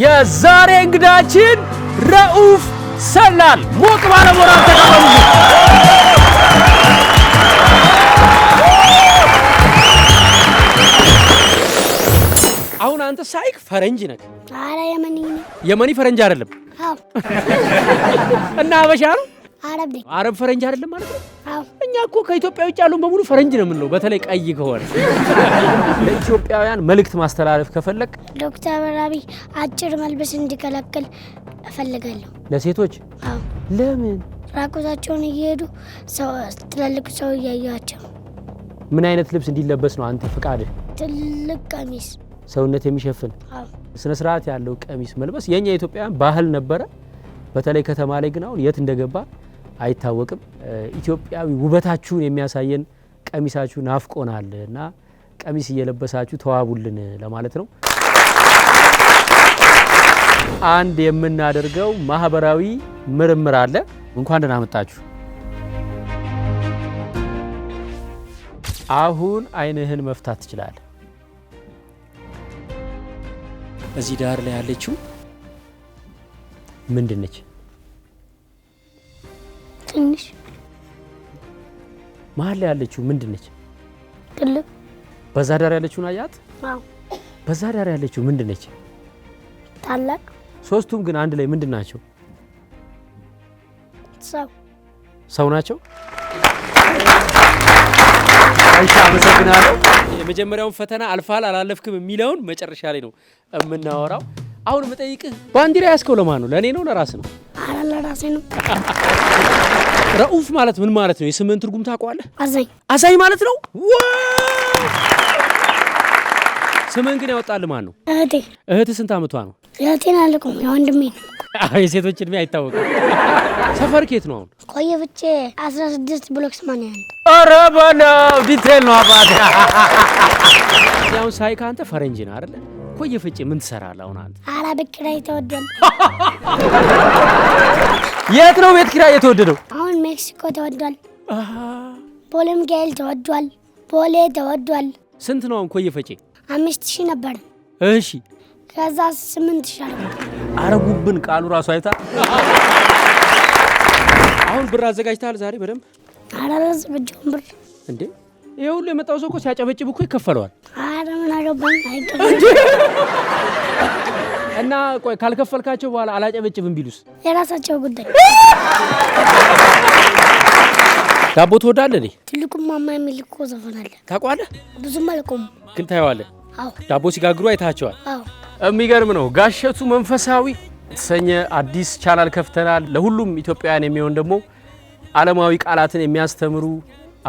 የዛሬ እንግዳችን ረኡፍ ሰላል ሞቅ ባለ ሞራል ተቀበሉ። አሁን አንተ ሳይክ ፈረንጅ ነህ። የመኒ የመኒ ፈረንጅ አይደለም እና አበሻ ነው አረብ ነኝ። አረብ ፈረንጅ አይደለም ማለት ነው። እኛ እኮ ከኢትዮጵያ ውጭ ያሉን በሙሉ ፈረንጅ ነው የምንለው፣ በተለይ ቀይ ከሆነ። ለኢትዮጵያውያን መልእክት ማስተላለፍ ከፈለግ ዶክተር አብይ አጭር መልበስ እንዲከለክል እፈልጋለሁ። ለሴቶች ለምን ራቁታቸውን እየሄዱ ትላልቅ ሰው እያያቸው? ምን አይነት ልብስ እንዲለበስ ነው አንተ ፍቃድ ትልቅ ቀሚስ፣ ሰውነት የሚሸፍን ስነ ስርዓት ያለው ቀሚስ መልበስ የኛ ኢትዮጵያውያን ባህል ነበረ። በተለይ ከተማ ላይ ግን አሁን የት እንደገባ አይታወቅም። ኢትዮጵያዊ ውበታችሁን የሚያሳየን ቀሚሳችሁ ናፍቆናል እና ቀሚስ እየለበሳችሁ ተዋቡልን ለማለት ነው። አንድ የምናደርገው ማህበራዊ ምርምር አለ። እንኳን ደህና መጣችሁ። አሁን አይንህን መፍታት ትችላለህ። እዚህ ዳር ላይ ያለችው ምንድን ነች? ትንሽ መሀል ላይ ያለችው ምንድን ነች? ትልቅ በዛ ዳር ያለችውን አያት? በዛ ዳር ያለችው ምንድን ነች? ታላቅ። ሶስቱም ግን አንድ ላይ ምንድን ናቸው? ሰው ሰው ናቸው። እሺ፣ አመሰግናለሁ። የመጀመሪያውን ፈተና አልፋል አላለፍክም የሚለውን መጨረሻ ላይ ነው የምናወራው። አሁን የምጠይቅህ ባንዲራ ያስከው ለማን ነው? ለእኔ ነው ለራስ ነው? አላራሴ ነው። ረኡፍ ማለት ምን ማለት ነው? የስምን ትርጉም ታውቀዋለህ? አዛኝ አዛኝ ማለት ነው። ስምን ግን ያወጣል ማን ነው? እህቴ። እህትህ ስንት አመቷ ነው? እህቴን አልቆም የወንድሜ ነው። የሴቶች እድሜ አይታወቅም። ሰፈር ኬት ነው አሁን? ቆየ ብቼ 16 ብሎክ 81 ኧረ በለው ዲቴል ነው አባት። ያው ሳይ ከአንተ ፈረንጅ ነህ አይደለ? እኮ እየፈጨ ምን ትሰራለህ አሁን? አንተ ኧረ ቤት ኪራይ ተወደደ። የት ነው ቤት ኪራይ የተወደደው? አሁን ሜክሲኮ ተወዷል፣ ቦሌም ጋይል ተወዷል፣ ቦሌ ተወዷል። ስንት ነው አሁን ቆየ ፍጬ? አምስት ሺህ ነበር። እሺ ከዛ ስምንት ሺህ አረጉብን። ቃሉ ራሱ አይታ አሁን ብር አዘጋጅተሃል ዛሬ በደንብ? ኧረ ዝግጁን ብር እንዴ! ይሄ ሁሉ የመጣው ሰው እኮ ሲያጨበጭብ እኮ ይከፈለዋል። እና ቆይ ካልከፈልካቸው በኋላ አላጨበጭብም ቢሉስ? የራሳቸው ጉዳይ። ዳቦ ትወዳለህ እንዴ? ትልቁ ማማ የሚል እኮ ዘፈን አለ። ታውቀዋለህ? ብዙም አልቆም ግን ታየዋለህ። ዳቦ ሲጋግሩ አይታቸዋል። የሚገርም ነው። ጋሸቱ መንፈሳዊ የተሰኘ አዲስ ቻናል ከፍተናል። ለሁሉም ኢትዮጵያውያን የሚሆን ደግሞ ዓለማዊ ቃላትን የሚያስተምሩ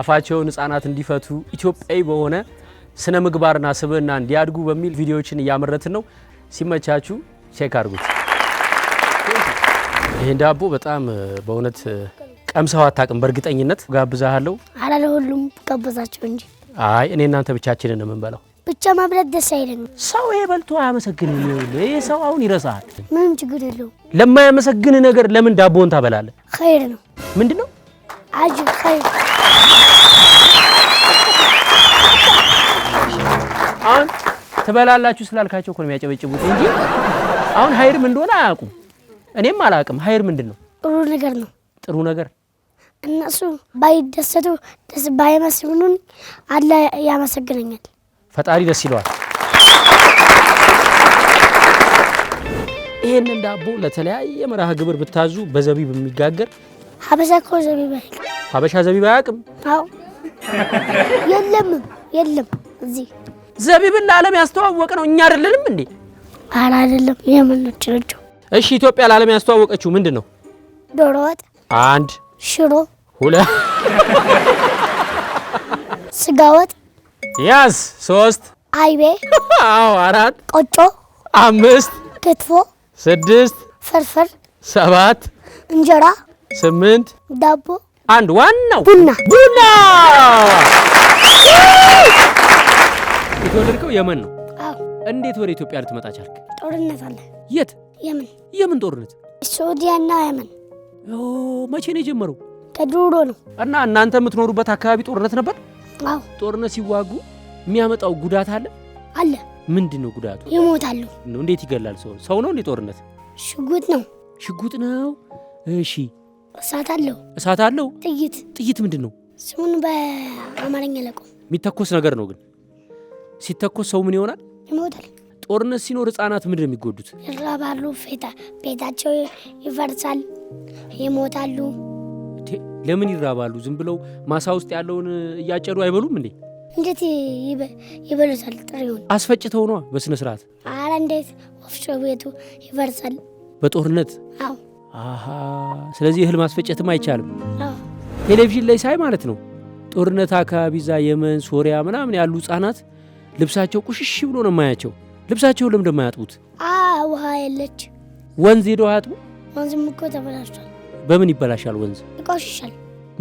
አፋቸውን ሕፃናት እንዲፈቱ ኢትዮጵያዊ በሆነ ስነ ምግባርና ስብዕና እንዲያድጉ በሚል ቪዲዮዎችን እያመረትን ነው። ሲመቻችሁ ቼክ አድርጉት። ይህን ዳቦ በጣም በእውነት ቀምሰው አታውቅም። በእርግጠኝነት ጋብዛሃለሁ። አላለ ሁሉም ቀበዛቸው እንጂ አይ እኔ እናንተ ብቻችንን ነው የምንበላው። ብቻ መብላት ደስ አይለኝ። ሰው ይሄ በልቶ አያመሰግን ይሄ ሰው አሁን ይረሳል። ምንም ችግር የለው። ለማያመሰግን ነገር ለምን ዳቦን ታበላለህ? ኸይር ነው። ምንድን ነው አጅብ ኸይር አሁን ትበላላችሁ ስላልካቸው እኮ ነው የሚያጨበጭቡት እንጂ አሁን ሀይር ምን እንደሆነ አያውቁም። እኔም አላውቅም። ሀይር ምንድን ነው? ጥሩ ነገር ነው። ጥሩ ነገር እነሱ ባይደሰቱ ደስ ባይመስሉን አላ ያመሰግነኛል። ፈጣሪ ደስ ይለዋል። ይህንን ዳቦ ለተለያየ መርሃ ግብር ብታዙ በዘቢብ የሚጋገር ሀበሻ እኮ ዘቢብ ሀበሻ ዘቢብ አያውቅም። አዎ የለም የለም እዚህ ዘቢብን ለዓለም ያስተዋወቅ ነው እኛ አይደለንም እንዴ? አላ አይደለም። እሺ፣ ኢትዮጵያ ለዓለም ያስተዋወቀችው ምንድን ነው? ዶሮ ወጥ አንድ፣ ሽሮ ሁለት፣ ስጋ ወጥ ያዝ ሶስት፣ አይቤ አዎ አራት፣ ቆጮ አምስት፣ ክትፎ ስድስት፣ ፍርፍር ሰባት፣ እንጀራ ስምንት፣ ዳቦ አንድ፣ ዋናው ቡና ቡና የተወለድከው የመን ነው? አዎ። እንዴት ወደ ኢትዮጵያ ልትመጣ ቻልክ? ጦርነት አለ። የት? የመን። የምን ጦርነት? ሶዲያና የመን። መቼ ነው የጀመረው? ከድሮ ነው። እና እናንተ የምትኖሩበት አካባቢ ጦርነት ነበር? አዎ። ጦርነት ሲዋጉ የሚያመጣው ጉዳት አለ? አለ። ምንድን ነው ጉዳቱ? ይሞታሉ። እንዴት ይገላል? ሰው ሰው ነው እንዴ? ጦርነት ሽጉጥ ነው። ሽጉጥ ነው። እሺ። እሳት አለው። እሳት አለው። ጥይት ጥይት ምንድን ነው ስሙን በአማርኛ ለቆ የሚተኮስ ነገር ነው ግን ሲተኮስ ሰው ምን ይሆናል? ይሞታል። ጦርነት ሲኖር ህጻናት ምንድን ነው የሚጎዱት? ይራባሉ፣ ቤታቸው ይፈርሳል፣ ይሞታሉ። ለምን ይራባሉ? ዝም ብለው ማሳ ውስጥ ያለውን እያጨዱ አይበሉም እንዴ? እንዴት ይበሉታል? ጥሬውን አስፈጭተው ነዋ በስነ ስርዓት። ኧረ እንዴት ወፍጮ ቤቱ ይፈርሳል በጦርነት። አዎ። አሀ። ስለዚህ እህል ማስፈጨትም አይቻልም። ቴሌቪዥን ላይ ሳይ ማለት ነው ጦርነት አካባቢ ዛ የመን፣ ሶሪያ ምናምን ያሉ ህጻናት ልብሳቸው ቁሽሽ ብሎ ነው የማያቸው። ልብሳቸው ለምን እንደማያጥቡት? ውሃ የለች። ወንዝ ሄደው አያጥቡ። ወንዝም እኮ ተበላሽቷል። በምን ይበላሻል? ወንዝ ይቆሽሻል።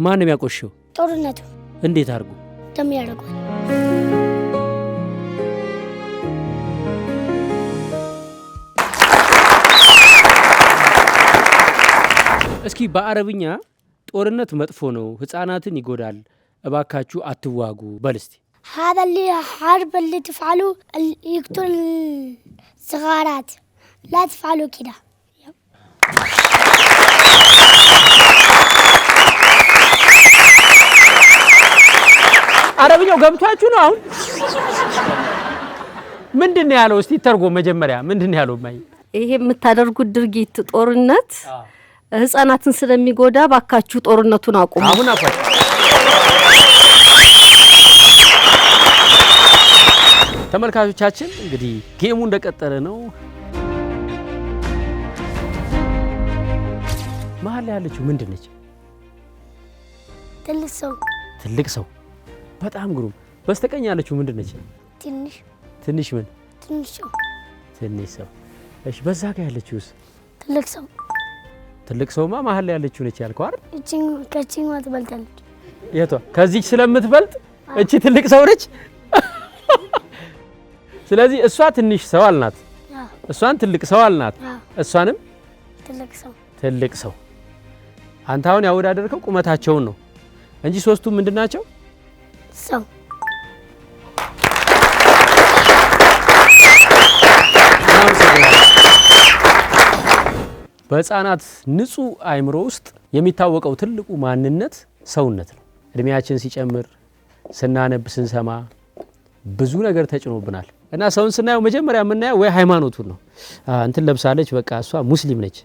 ማን ነው ጦርነቱ። እንዴት አድርጎ ደም ያደርጓል። እስኪ በአረብኛ ጦርነት መጥፎ ነው፣ ህፃናትን ይጎዳል፣ እባካችሁ አትዋጉ በል እስቲ هذا اللي حرب اللي تفعلوا يقتل الصغارات لا تفعلوا كده አረብኛው ገብቷችሁ ነው አሁን? ምንድን ነው ያለው? እስቲ ተርጎም መጀመሪያ ምንድን ነው ያለው? ማይ ይሄ የምታደርጉት ድርጊት ጦርነት ህጻናትን ስለሚጎዳ ባካችሁ ጦርነቱን አቁሙ። አሁን ተመልካቾቻችን እንግዲህ ጌሙ እንደቀጠለ ነው። መሀል ላይ ያለችው ምንድን ነች? ትልቅ ሰው ትልቅ ሰው በጣም ግሩም። በስተቀኝ ያለችው ምንድን ነች? ትንሽ ትንሽ ምን ትንሽ ሰው ትንሽ ሰው። እሺ በዛ ጋር ያለችውስ? ትልቅ ሰው ትልቅ ሰውማ መሀል ላይ ያለችው ነች ያልከው አይደል? እቺ ከቺ ትበልጣለች። የቷ? ከዚች ስለምትበልጥ እቺ ትልቅ ሰው ነች። ስለዚህ እሷ ትንሽ ሰው አልናት፣ እሷን ትልቅ ሰው አልናት፣ እሷንም ትልቅ ሰው። አንተ አሁን ያወዳደርከው ቁመታቸውን ነው እንጂ ሶስቱ ምንድን ናቸው? ሰው በህፃናት ንጹህ አእምሮ ውስጥ የሚታወቀው ትልቁ ማንነት ሰውነት ነው። እድሜያችን ሲጨምር ስናነብ፣ ስንሰማ ብዙ ነገር ተጭኖብናል። እና ሰውን ስናየው መጀመሪያ የምናየው ወይ ሃይማኖቱን ነው። እንትን ለብሳለች፣ በቃ እሷ ሙስሊም ነች።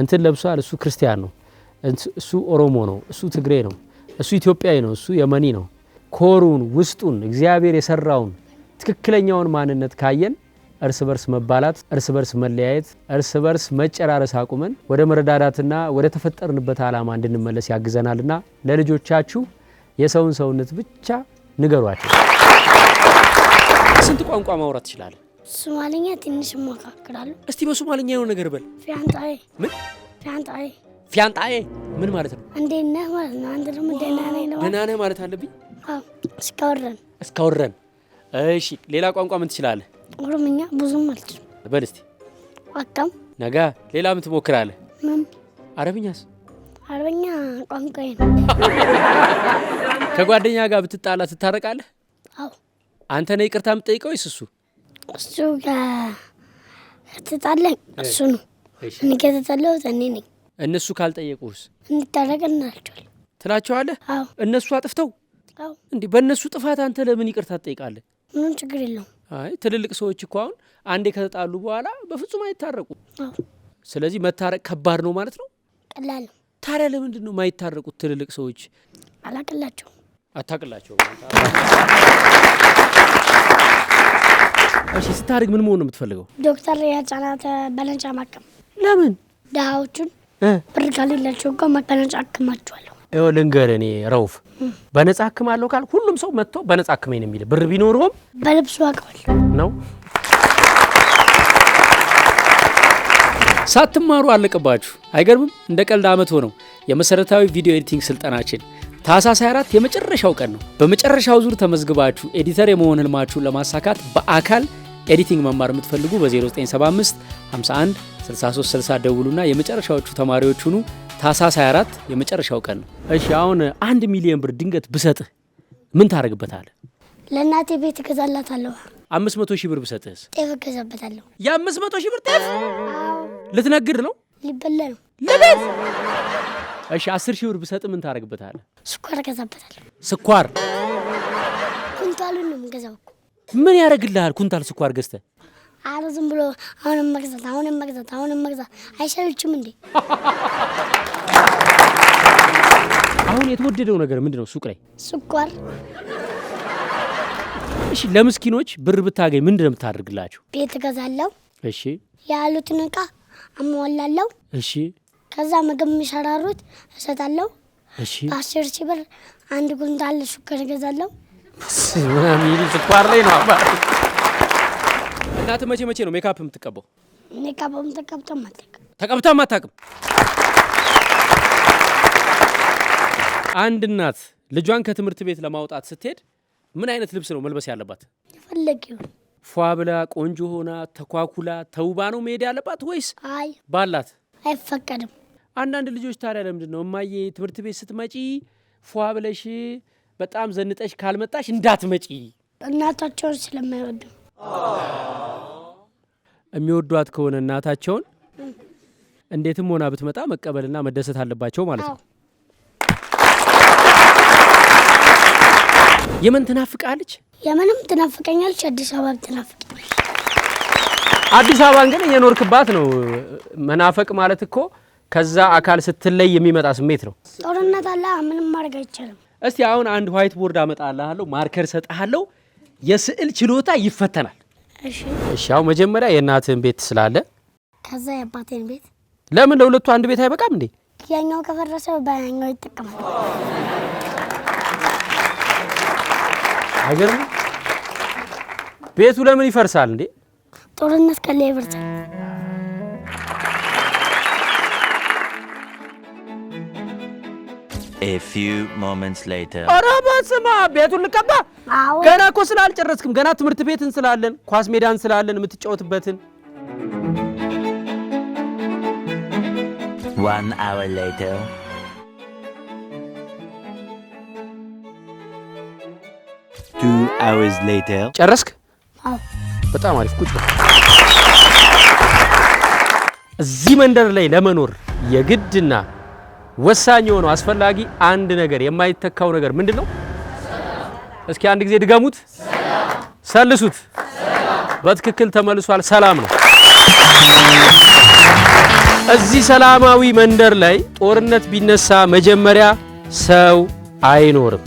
እንትን ለብሷል፣ እሱ ክርስቲያን ነው። እሱ ኦሮሞ ነው፣ እሱ ትግሬ ነው፣ እሱ ኢትዮጵያዊ ነው፣ እሱ የመኒ ነው። ኮሩን ውስጡን እግዚአብሔር የሰራውን ትክክለኛውን ማንነት ካየን እርስ በርስ መባላት፣ እርስ በርስ መለያየት፣ እርስ በርስ መጨራረስ አቁመን ወደ መረዳዳትና ወደ ተፈጠርንበት ዓላማ እንድንመለስ ያግዘናልና ለልጆቻችሁ የሰውን ሰውነት ብቻ ንገሯቸው። ስንት ቋንቋ ማውራት ይችላል? ሶማሊኛ ትንሽ እሞካክራለሁ። እስቲ በሶማሊኛ የሆነ ነገር በል። ፊያንጣዬ። ምን ፊያንጣዬ? ፊያንጣዬ ምን ማለት ነው? እንዴት ነህ ማለት ነው። አንተ ደግሞ ደህና ነህ ነው። ደህና ነህ ማለት አለብኝ? አዎ። እስካወረን እስካወረን። እሺ፣ ሌላ ቋንቋ ምን ትችላለህ? ኦሮምኛ ብዙም አልችልም። በል እስቲ አቃም ነጋ። ሌላ ምን ትሞክራለህ? ምን? አረብኛስ? አረብኛ ቋንቋዬ ነው። ከጓደኛ ጋር ብትጣላ ትታረቃለህ? አንተ ነህ ይቅርታ የምጠይቀው ይስ እሱ? እሱ ጋር እሱ ነው። እኔ ከተጣለሁት እኔ ነኝ። እነሱ ካልጠየቁስ እንታረቅ እናቸዋል ትላቸዋለህ? እነሱ አጥፍተው እንዲህ በእነሱ ጥፋት አንተ ለምን ይቅርታ ትጠይቃለህ? ምንም ችግር የለውም። አይ ትልልቅ ሰዎች እኮ አሁን አንዴ ከተጣሉ በኋላ በፍጹም አይታረቁ። ስለዚህ መታረቅ ከባድ ነው ማለት ነው? ቀላል ታዲያ ለምንድን ነው የማይታረቁት? ትልልቅ ሰዎች አላቅላቸው አታቅላቸው እሺ ስታድግ ምን መሆን ነው የምትፈልገው? ዶክተር የህፃናት በለንጫ ማከም። ለምን? ድሃዎቹን ብር ከሌላቸው እኮ በነጻ አክማቸዋለሁ። ልንገር እኔ ረውፍ በነጻ አክማለሁ ካል ሁሉም ሰው መጥቶ በነጻ አክመኝ ነው የሚል ብር ቢኖርም በልብሱ አውቀዋለሁ ነው። ሳትማሩ አለቀባችሁ። አይገርምም? እንደ ቀልድ አመት ሆነው የመሰረታዊ ቪዲዮ ኤዲቲንግ ስልጠናችን ታህሳስ 24 የመጨረሻው ቀን ነው። በመጨረሻው ዙር ተመዝግባችሁ ኤዲተር የመሆን ህልማችሁን ለማሳካት በአካል ኤዲቲንግ መማር የምትፈልጉ በ0975 51 6360 ደውሉና የመጨረሻዎቹ ተማሪዎች ሁኑ። ታህሳስ 24 የመጨረሻው ቀን ነው። እሺ አሁን አንድ ሚሊዮን ብር ድንገት ብሰጥህ ምን ታደርግበታል? ለእናቴ ቤት እገዛላታለሁ። አምስት መቶ ሺህ ብር ብሰጥህስ? ጤፍ እገዛበታለሁ። የአምስት መቶ ሺህ ብር ጤፍ ልትነግድ ነው? ሊበላ ነው ለቤት። እሺ አስር ሺህ ብር ብሰጥ ምን ታደርግበታል? ስኳር እገዛበታለሁ። ስኳር ኩንታሉን ነው የምገዛው እኮ ምን ያደርግልሃል? ኩንታል ስኳር ገዝተ አረ ዝም ብሎ አሁንም መግዛት አሁንም መግዛት አሁንም መግዛት አይሰልችም እንዴ? አሁን የተወደደው ነገር ነው? ሱቅ ላይ ስኳር። እሺ፣ ለምስኪኖች ብር ብታገኝ ነው የምታደርግላቸው? ቤት እገዛለሁ። እሺ፣ ያሉትን እቃ አሟላለሁ። እሺ፣ ከዛ ምግብ የሚሸራሩት እሰጣለሁ። እሺ፣ በአስር ሺህ ብር አንድ ኩንታል ስኳር እገዛለሁ። ምናምን ስኳር ላይ ነው። እናት መቼ መቼ ነው ሜካፕ የምትቀባው? ሜካፕ ተቀብታ ማታቅም አንድ እናት ልጇን ከትምህርት ቤት ለማውጣት ስትሄድ ምን አይነት ልብስ ነው መልበስ ያለባት? የፈለገው ፏ ብላ ቆንጆ ሆና ተኳኩላ ተውባ ነው መሄድ ያለባት ወይስ አይ ባላት አይፈቀድም። አንዳንድ ልጆች ታዲያ ለምንድን ነው እማዬ ትምህርት ቤት ስትመጪ ፏ ብለሽ በጣም ዘንጠሽ ካልመጣሽ እንዳትመጪ። እናታቸውን ስለማይወዱ የሚወዷት ከሆነ እናታቸውን እንዴትም ሆና ብትመጣ መቀበልና መደሰት አለባቸው ማለት ነው። የምን ትናፍቃለች? የምንም ትናፍቀኛለች። አዲስ አበባ ትናፍቀኛለች። አዲስ አበባን ግን እየኖርክባት ነው። መናፈቅ ማለት እኮ ከዛ አካል ስትለይ የሚመጣ ስሜት ነው። ጦርነት አለ። ምንም ማድረግ አይቻልም። እስቲ አሁን አንድ ዋይት ቦርድ አመጣልሃለሁ፣ ማርከር ሰጥሃለሁ። የስዕል ችሎታ ይፈተናል። እሺ። አሁን መጀመሪያ የእናትህን ቤት ስላለ ከዛ የአባቴን ቤት። ለምን ለሁለቱ አንድ ቤት አይበቃም እንዴ? ያኛው ከፈረሰ በያኛው ይጠቀማል። አይገርም። ቤቱ ለምን ይፈርሳል እንዴ? ጦርነት ካለ ይፈርሳል። A few moments later ኧረ በስመ ቤቱን ልቀባ። ገና እኮ ስላልጨረስክም ገና ትምህርት ቤት እንስላለን ኳስ ሜዳ ስላለን የምትጫወትበትን። One hour later two hours later ጨረስክ? በጣም አሪፍ ቁጭ እዚህ መንደር ላይ ለመኖር የግድና ወሳኝ የሆነው አስፈላጊ አንድ ነገር የማይተካው ነገር ምንድን ነው? እስኪ አንድ ጊዜ ድገሙት፣ ሰልሱት። በትክክል ተመልሷል። ሰላም ነው። እዚህ ሰላማዊ መንደር ላይ ጦርነት ቢነሳ መጀመሪያ ሰው አይኖርም።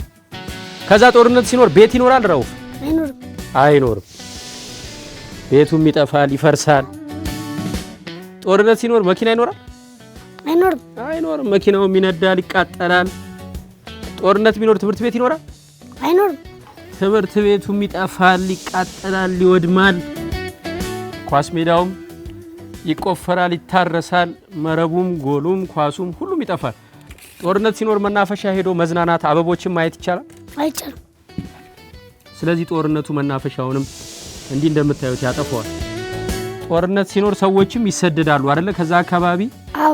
ከዛ ጦርነት ሲኖር ቤት ይኖራል። ረውፍ አይኖርም። ቤቱም ይጠፋል፣ ይፈርሳል። ጦርነት ሲኖር መኪና ይኖራል አይኖርም፣ አይኖርም። መኪናውም ይነዳል፣ ይቃጠላል። ጦርነት ቢኖር ትምህርት ቤት ይኖራል? አይኖርም። ትምህርት ቤቱም ይጠፋል፣ ይቃጠላል፣ ይወድማል። ኳስ ሜዳውም ይቆፈራል፣ ይታረሳል። መረቡም፣ ጎሉም፣ ኳሱም ሁሉም ይጠፋል። ጦርነት ሲኖር መናፈሻ ሄዶ መዝናናት፣ አበቦችን ማየት ይቻላል? አይቻልም። ስለዚህ ጦርነቱ መናፈሻውንም እንዲህ እንደምታዩት ያጠፋዋል ጦርነት ሲኖር ሰዎችም ይሰደዳሉ አይደለ? ከዛ አካባቢ አዎ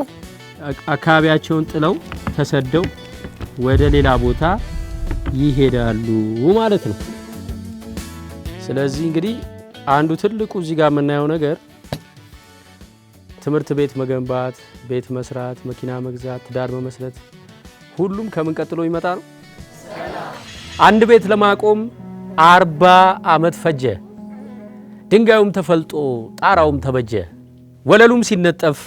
አካባቢያቸውን ጥለው ተሰደው ወደ ሌላ ቦታ ይሄዳሉ ማለት ነው። ስለዚህ እንግዲህ አንዱ ትልቁ እዚህ ጋር የምናየው ነገር ትምህርት ቤት መገንባት፣ ቤት መስራት፣ መኪና መግዛት፣ ትዳር መመስረት ሁሉም ከምን ቀጥሎ ይመጣ ነው። አንድ ቤት ለማቆም አርባ ዓመት ፈጀ። ድንጋዩም ተፈልጦ ጣራውም ተበጀ፣ ወለሉም ሲነጠፍ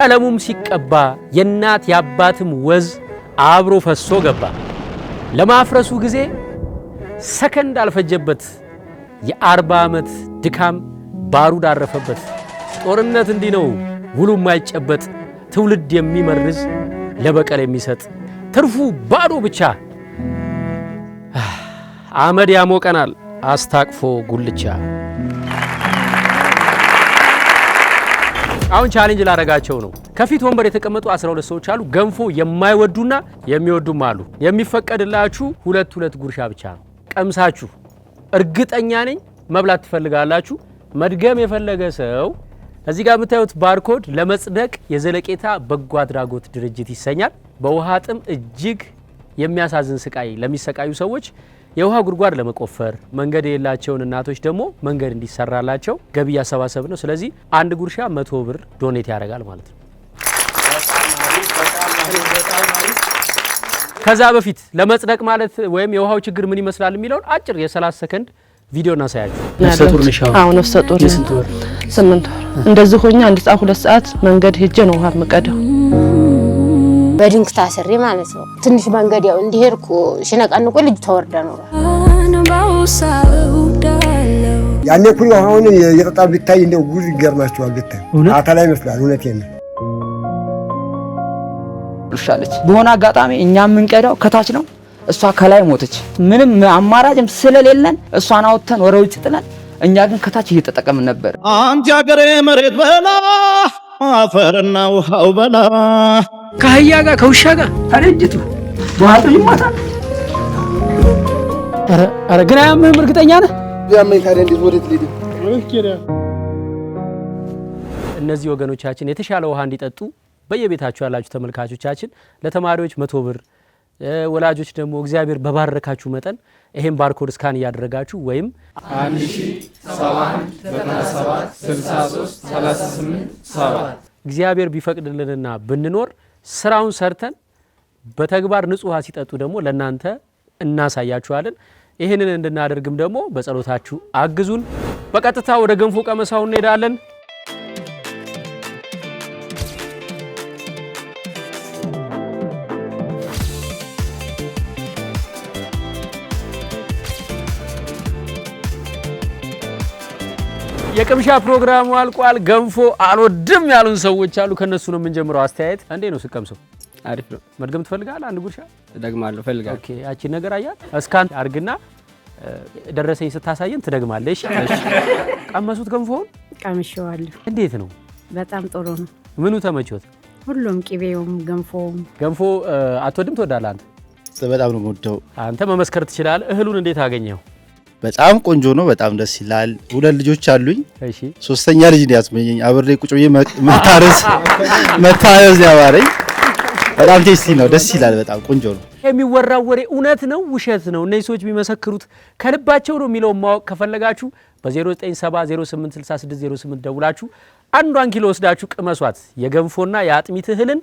ቀለሙም ሲቀባ የእናት የአባትም ወዝ አብሮ ፈሶ ገባ። ለማፍረሱ ጊዜ ሰከንድ አልፈጀበት። የአርባ ዓመት ድካም ባሩድ አረፈበት። ጦርነት እንዲህ ነው ውሉ የማይጨበጥ ትውልድ የሚመርዝ ለበቀል የሚሰጥ ትርፉ ባዶ ብቻ አመድ ያሞቀናል አስታቅፎ ጉልቻ አሁን ቻሌንጅ ላረጋቸው ነው። ከፊት ወንበር የተቀመጡ 12 ሰዎች አሉ። ገንፎ የማይወዱና የሚወዱም አሉ። የሚፈቀድላችሁ ሁለት ሁለት ጉርሻ ብቻ ነው። ቀምሳችሁ እርግጠኛ ነኝ መብላት ትፈልጋላችሁ። መድገም የፈለገ ሰው እዚህ ጋር የምታዩት ባርኮድ ለመጽደቅ የዘለቄታ በጎ አድራጎት ድርጅት ይሰኛል። በውሃ ጥም እጅግ የሚያሳዝን ስቃይ ለሚሰቃዩ ሰዎች የውሃ ጉድጓድ ለመቆፈር መንገድ የሌላቸውን እናቶች ደግሞ መንገድ እንዲሰራላቸው ገቢ እያሰባሰብ ነው። ስለዚህ አንድ ጉርሻ መቶ ብር ዶኔት ያደርጋል ማለት ነው። ከዛ በፊት ለመጽደቅ ማለት ወይም የውሃው ችግር ምን ይመስላል የሚለውን አጭር የ30 ሰከንድ ቪዲዮ እናሳያችሁ። ነፍሰ ጡር ስምንት ወር እንደዚህ ሆኛ አንድ ሰዓት ሁለት ሰዓት መንገድ ሄጄ ነው ውሃ የምቀደው በድንክ ታስሬ ማለት ነው። ትንሽ መንገድ ያው እንዲሄድኩ ሽነቀንቆ ልጅ ተወርደ ኖሯል። ያኔ ኩ አሁን የጠጣ ብታይ እንደ ጉድ ይገርማቸዋል። ብታይ አተላ ይመስላል። እውነት ነው ሻለች። በሆነ አጋጣሚ እኛ የምንቀዳው ከታች ነው፣ እሷ ከላይ ሞተች። ምንም አማራጭም ስለሌለን እሷን አውጥተን ወደ ውጭ ጥለን፣ እኛ ግን ከታች እየተጠቀምን ነበር። አንቺ ሀገሬ መሬት በላ አፈርና ውሃው በላ ከአህያ ጋር ከውሻ ጋር ታለጅቱ በኋላ ይሞታል። አረ ግን አያምህም? እርግጠኛ ነህ? እነዚህ ወገኖቻችን የተሻለ ውሃ እንዲጠጡ በየቤታችሁ ያላችሁ ተመልካቾቻችን ለተማሪዎች መቶ ብር ወላጆች ደግሞ እግዚአብሔር በባረካችሁ መጠን ይሄን ባርኮድ ስካን እያደረጋችሁ ወይም እግዚአብሔር ቢፈቅድልንና ብንኖር ስራውን ሰርተን በተግባር ንጹህ ውሃ ሲጠጡ ደግሞ ለእናንተ እናሳያችኋለን። ይህንን እንድናደርግም ደግሞ በጸሎታችሁ አግዙን። በቀጥታ ወደ ገንፎ ቀመሳው እንሄዳለን። የቅምሻ ፕሮግራሙ አልቋል። ገንፎ አልወድም ያሉን ሰዎች አሉ። ከነሱ ነው የምንጀምረው። አስተያየት እንዴ ነው ስቀምሰው? አሪፍ ነው። መድገም ትፈልጋለህ? አንድ ጉርሻ እደግማለሁ እፈልጋለሁ። ኦኬ፣ ያቺን ነገር አያት እስካን አርግና ደረሰኝ ስታሳየን ትደግማለሽ። ቀመሱት? ገንፎውን ቀምሼዋለሁ። እንዴት ነው? በጣም ጥሩ ነው። ምኑ ተመቾት? ሁሉም ቅቤውም፣ ገንፎውም። ገንፎ አትወድም ትወዳለህ አንተ? በጣም ነው የምወደው። አንተ መመስከር ትችላለህ። እህሉን እንዴት አገኘኸው? በጣም ቆንጆ ነው። በጣም ደስ ይላል። ሁለት ልጆች አሉኝ። ሶስተኛ ልጅ ነው ያስመኘኝ። አብሬ ቁጭ ብዬ መታረስ መታረስ ያባረኝ። በጣም ቴስቲ ነው። ደስ ይላል። በጣም ቆንጆ ነው። የሚወራው ወሬ እውነት ነው ውሸት ነው? እነዚህ ሰዎች የሚመሰክሩት ከልባቸው ነው የሚለውን ማወቅ ከፈለጋችሁ በ0970 ደውላችሁ አንዷን ኪሎ ወስዳችሁ ቅመሷት። የገንፎና የአጥሚት እህልን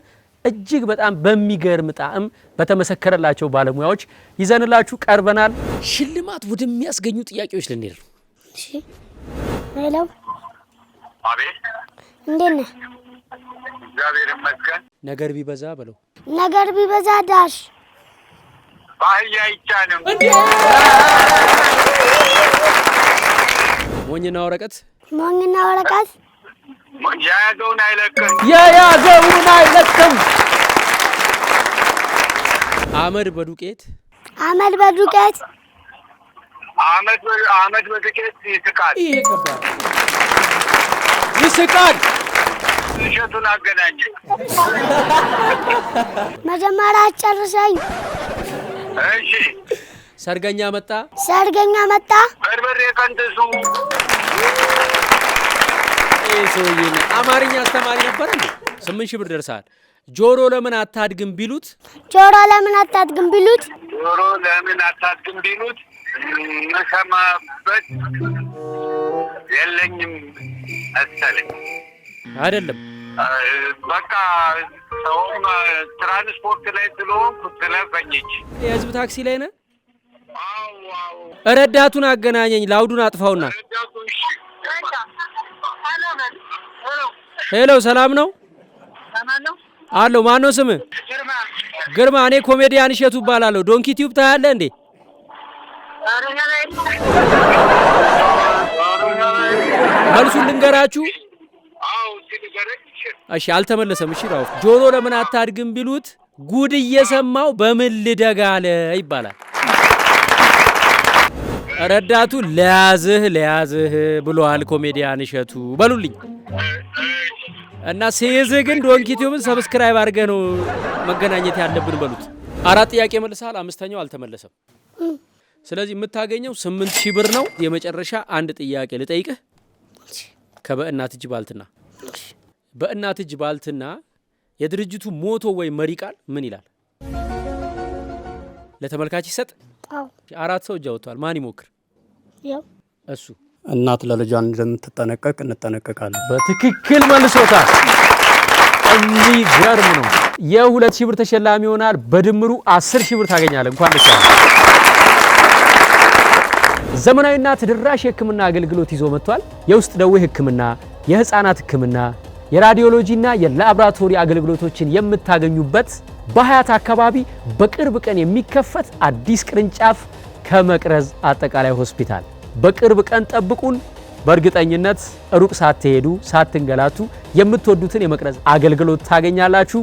እጅግ በጣም በሚገርም ጣዕም በተመሰከረላቸው ባለሙያዎች ይዘንላችሁ ቀርበናል። ሽልማት ወደሚያስገኙ ጥያቄዎች ልንሄድ ነው። ሄለው፣ አቤት፣ እንዴት ነህ? እግዚአብሔር ይመስገን። ነገር ቢበዛ በለው፣ ነገር ቢበዛ ዳሽ ባህያ አይቻልም። ሞኝና ወረቀት፣ ሞኝና ወረቀት የያዘውን አይለቅም፣ የያዘውን አይለቅም። አመድ በዱቄት አመድ በዱቄት አመድ በዱቄት ይስቃል፣ ይስቃል። እሸቱን አገናኘ። መጀመሪያ አጨርሰኝ። እሺ። ሰርገኛ መጣ፣ ሰርገኛ መጣ። በርበሬ ቀንጥሱ ሰውዬ አማርኛ አስተማሪ ነበረ። ስምንት ሺህ ብር ደርሰሃል። ጆሮ ለምን አታድግም ቢሉት ጆሮ ለምን አታድግም ቢሉት ጆሮ ለምን አታድግም ቢሉት የምሰማበት የለኝም መሰለኝ። አይደለም በቃ ሰውም ትራንስፖርት ላይ ስለሆንኩ ስለፈኝች የህዝብ ታክሲ ላይ ነ ረዳቱን አገናኘኝ። ላውዱን አጥፋውና ሄሎ፣ ሰላም ነው አለው። ማን ነው ስምህ? ግርማ። እኔ ኮሜዲያን እሸቱ እባላለሁ። ዶንኪ ቲዩብ ታያለህ እንዴ? መልሱን ልንገራችሁ። እሺ፣ አልተመለሰም። እሺ፣ ራው ጆሮ ለምን አታድግም ቢሉት ጉድ እየሰማው በምን ልደጋለ ይባላል። ረዳቱ ለያዝህ ለያዝህ ብሏል ኮሜዲያን እሸቱ በሉልኝ። እና ሲይዝ ግን ዶንኪቲዩብን ሰብስክራይብ አድርገ ነው መገናኘት ያለብን በሉት። አራት ጥያቄ መልሰሃል፣ አምስተኛው አልተመለሰም። ስለዚህ የምታገኘው ስምንት ሺህ ብር ነው። የመጨረሻ አንድ ጥያቄ ልጠይቅህ። ከበእናት እጅ ባልትና በእናት እጅ ባልትና የድርጅቱ ሞቶ ወይም መሪ ቃል ምን ይላል? ለተመልካች ይሰጥ። አራት ሰው እጅ አውጥቷል። ማን ይሞክር? እሱ እናት ለልጇ እንደምትጠነቀቅ እንጠነቀቃለን። በትክክል መልሶታል። የሚገርም ነው። የሁለት ሺህ ብር ተሸላሚ ይሆናል። በድምሩ አስር ሺህ ብር ታገኛለህ። እንኳን ደስ ያለህ። ዘመናዊና ተደራሽ የህክምና አገልግሎት ይዞ መጥቷል። የውስጥ ደዌ ህክምና፣ የህፃናት ህክምና፣ የራዲዮሎጂና የላብራቶሪ አገልግሎቶችን የምታገኙበት በሀያት አካባቢ በቅርብ ቀን የሚከፈት አዲስ ቅርንጫፍ ከመቅረዝ አጠቃላይ ሆስፒታል በቅርብ ቀን ጠብቁን። በእርግጠኝነት ሩቅ ሳትሄዱ ሳትንገላቱ የምትወዱትን የመቅረዝ አገልግሎት ታገኛላችሁ።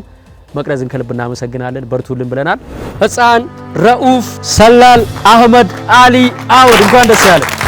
መቅረዝን ከልብ እናመሰግናለን። በርቱልን ብለናል። ህፃን ረኡፍ ሰላል አህመድ አሊ አወድ እንኳን ደስ ያለን።